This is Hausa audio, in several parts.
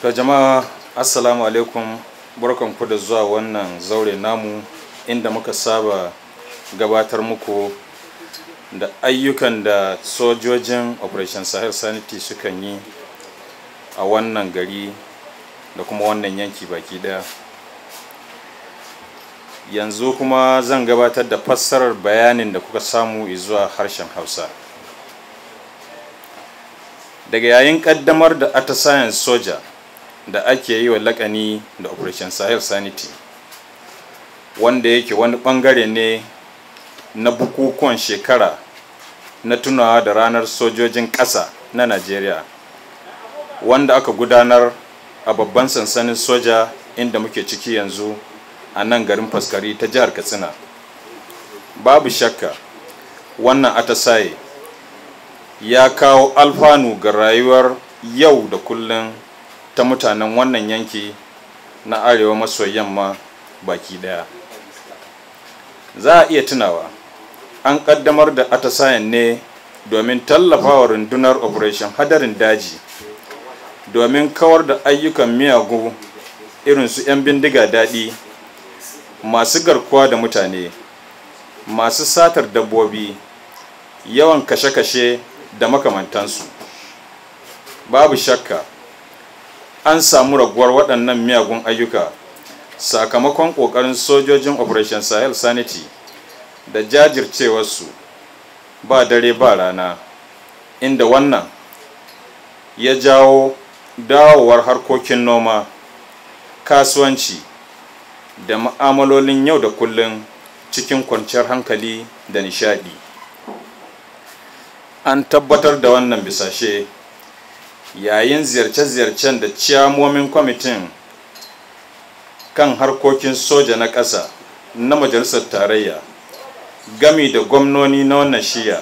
to jama'a assalamu alaikum barkan ku da zuwa wannan zaure namu inda muka saba gabatar muku da ayyukan da sojojin operation sahel sanity sukan yi a wannan gari da kuma wannan yanki baki daya yanzu kuma zan gabatar da fassarar bayanin da kuka samu zuwa harshen hausa daga yayin kaddamar da science soja da ake yi wa lakani da operation sahel sanity wanda yake wani bangare ne na bukukuwan shekara na tunawa da ranar sojojin ƙasa na najeriya wanda aka gudanar a babban sansanin soja inda muke ciki yanzu a nan garin faskari ta jihar katsina babu shakka wannan atasaye ya kawo alfanu ga rayuwar yau da kullum ta mutanen wannan yanki na arewa maso yamma baki daya za a iya tunawa an kaddamar da atasayan ne domin tallafawa rundunar operation hadarin daji domin kawar da ayyukan miyagu irin su 'yan bindiga daɗi masu garkuwa da mutane masu satar dabbobi yawan kashe-kashe da makamantansu babu shakka an samu raguwar waɗannan miyagun ayyuka sakamakon ƙoƙarin sojojin operation sahel sanity da jajircewarsu ba dare ba rana inda wannan ya jawo dawowar harkokin noma kasuwanci da ma'amalolin yau da kullum cikin kwanciyar hankali da nishaɗi. an tabbatar da wannan bisashe yayin ziyarce-ziyarcen da ciyamomin kwamitin kan harkokin soja na ƙasa na majalisar tarayya gami da gwamnoni na wannan shiya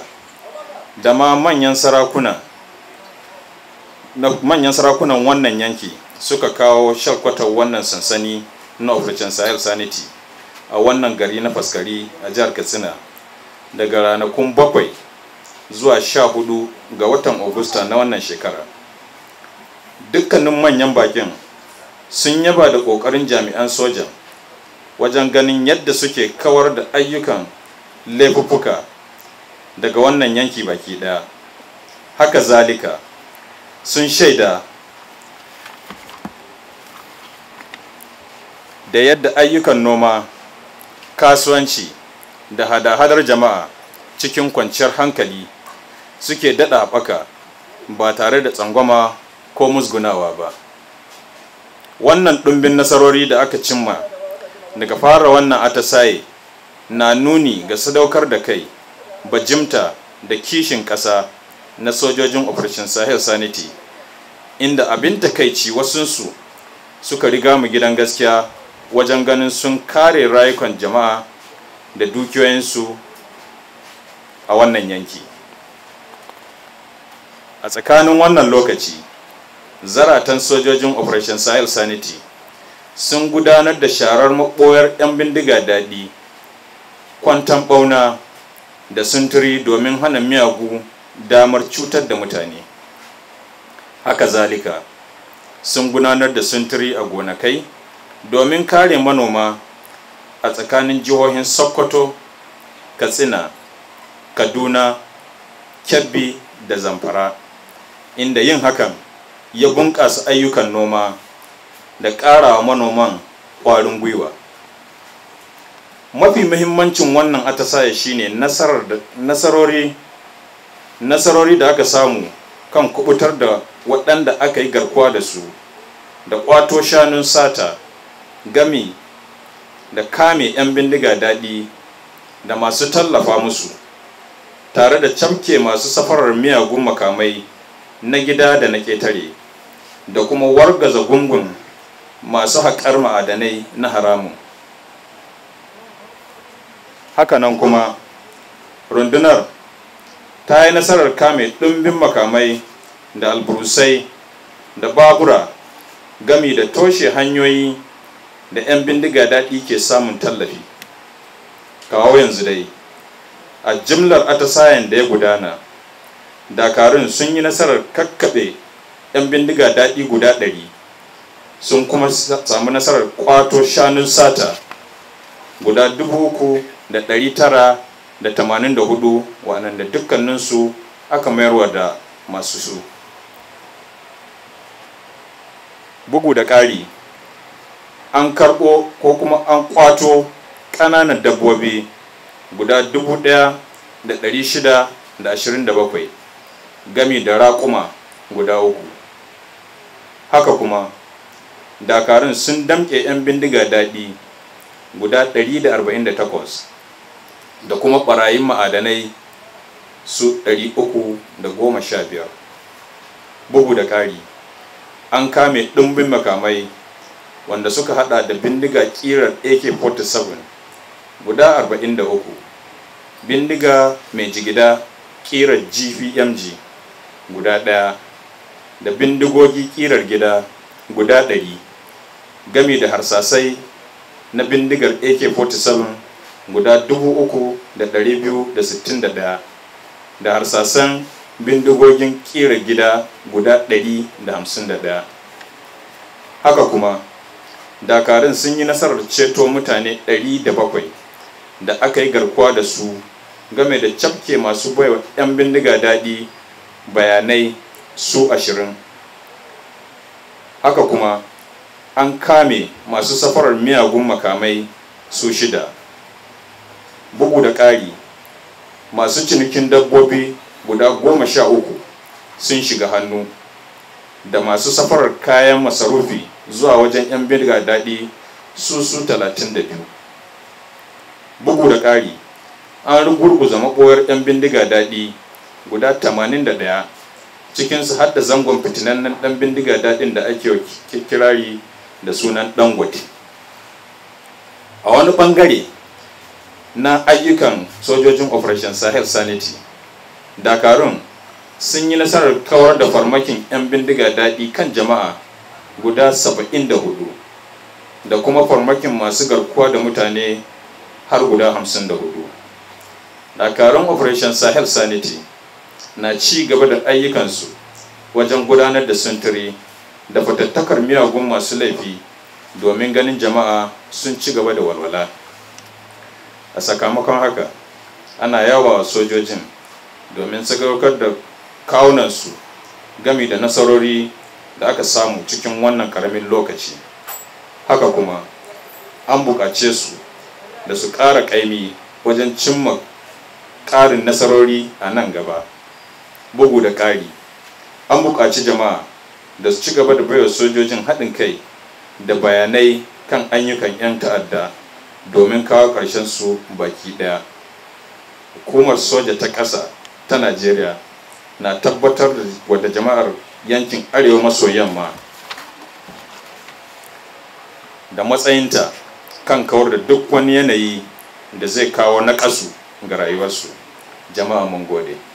da ma manyan sarakuna na manyan sarakunan wannan yanki suka kawo shalkwatar wannan sansani na ofishin sahel sanity a wannan gari na faskari a jihar katsina daga ranakun bakwai zuwa sha hudu ga watan Agusta na wannan shekara. Dukkanin manyan bakin sun yaba da ƙoƙarin jami'an soja wajen ganin yadda suke kawar da ayyukan laifuffuka daga wannan yanki baki ɗaya. Haka zalika sun shaida da yadda ayyukan noma, kasuwanci da hada-hadar jama'a cikin kwanciyar hankali suke daɗa haɓaka ba tare da tsangwama ko musgunawa ba wannan ɗumbin nasarori da aka cimma daga fara wannan atasaye na nuni ga sadaukar da kai bajimta da kishin ƙasa na sojojin operation sahel sanity inda abin takaici wasunsu suka riga mu gidan gaskiya wajen ganin sun kare rayukan jama'a da dukiyoyinsu a wannan yanki a tsakanin wannan lokaci zaratan sojojin operation sahel sanity sun gudanar da sharar maɓoyar 'yan bindiga daɗi kwantan ɓauna da sunturi domin hana miyagu damar cutar da mutane haka zalika sun gudanar da sunturi a gonakai domin kare manoma a tsakanin jihohin sokoto katsina kaduna kebbi da zamfara inda yin hakan ya bunƙasa ayyukan noma da ƙarawa manoman ƙwarin gwiwa mafi muhimmancin wannan atasaye shine nasarori nasarori da aka samu kan kubutar da waɗanda aka yi garkuwa da su da ƙwato shanun sata gami da kame 'yan bindiga daɗi da masu tallafa musu tare da camke masu safarar miyagun makamai na gida da na ketare da kuma wargaza gungun masu haƙar ma'adanai na haramun hakanan kuma rundunar ta yi nasarar kame ɗumbin makamai da alburusai da babura gami da toshe hanyoyi da 'yan bindiga daɗi ke samun tallafi kawo yanzu dai a jimlar atasayan da ya gudana dakarun sun yi nasarar kakkaɓe 'yan bindiga daɗi guda ɗari sun kuma samu nasarar kwato shanun sata guda dubu uku da ɗari tara da tamanin da hudu waɗanda dukkaninsu aka mayarwa da masu su bugu da ƙari an karɓo ko kuma an kwato ƙananan dabbobi guda dubu ɗaya da ɗari shida da ashirin da bakwai gami da raƙuma guda uku haka kuma dakarun sun damƙe 'yan bindiga daɗi guda 148 da kuma ɓarayin ma'adanai su 315 bugu da ƙari an kame ɗumbin makamai wanda suka hada da bindiga ƙirar ak-47 guda 43 bindiga mai jigida ƙirar gvmg guda ɗaya da bindigogi ƙirar gida guda ɗari gami da harsasai na bindigar ak-47 guda 3,261 da harsasan bindigogin ƙirar gida guda 151 haka kuma dakarun sun yi nasarar ceto mutane 700 da aka yi garkuwa da su game da cafke masu baiwa 'yan bindiga daɗi bayanai su ashirin haka kuma an kame masu safarar miyagun makamai su shida bugu da ƙari masu cinikin dabbobi guda goma sha uku sun shiga hannu da masu safarar kayan masarufi zuwa wajen 'yan birga daɗi su su talatin da biyu bugu da ƙari an rugurguza maɓoyar 'yan bindiga daɗi guda 81 cikinsu har da zangon fitinannen ɗan bindiga daɗin da ake kirari da sunan dangote a wani ɓangare na ayyukan sojojin operation sahel sanity dakarun sun yi nasarar kawar da farmakin 'yan bindiga daɗi kan jama'a guda 74 da kuma farmakin masu garkuwa da mutane har guda 54 dakarun operation sahel sanity na ci gaba da ayyukansu wajen gudanar da sintiri da fatattakar miyagun masu laifi domin ganin jama'a sun ci gaba da walwala a sakamakon haka ana yawa sojojin domin sadaukar da kawunansu gami da nasarori da aka samu cikin wannan karamin lokaci haka kuma an buƙace su da su ƙara ƙaimi wajen cimma ƙarin nasarori a nan gaba bugu da ƙari an buƙaci jama'a da su ci gaba da baiwa sojojin haɗin kai da bayanai kan ayyukan 'yan ta'adda domin kawo ƙarshen su baki ɗaya hukumar soja ta ƙasa ta najeriya na tabbatar da wadda jama'ar yankin arewa maso yamma da matsayinta kan kawar da duk wani yanayi da zai kawo naƙasu ga rayuwarsu jama'a mun gode